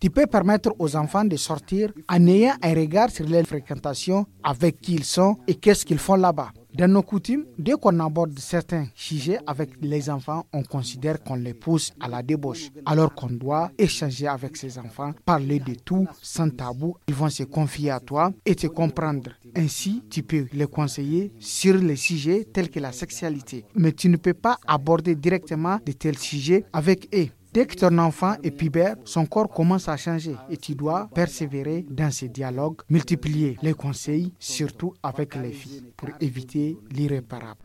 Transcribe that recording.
Tu peux permettre aux enfants de sortir en ayant un regard sur leur fréquentation, avec qui ils sont et qu'est-ce qu'ils font là-bas. Dans nos coutumes, dès qu'on aborde certains sujets avec les enfants, on considère qu'on les pousse à la débauche, alors qu'on doit échanger avec ces enfants, parler de tout, sans tabou. Ils vont se confier à toi et te comprendre. Ainsi, tu peux les conseiller sur les sujets tels que la sexualité, mais tu ne peux pas aborder directement de tels sujets avec eux Dès que ton enfant est pubère, son corps commence à changer et tu dois persévérer dans ces dialogues, multiplier les conseils, surtout avec les filles, pour éviter l'irréparable.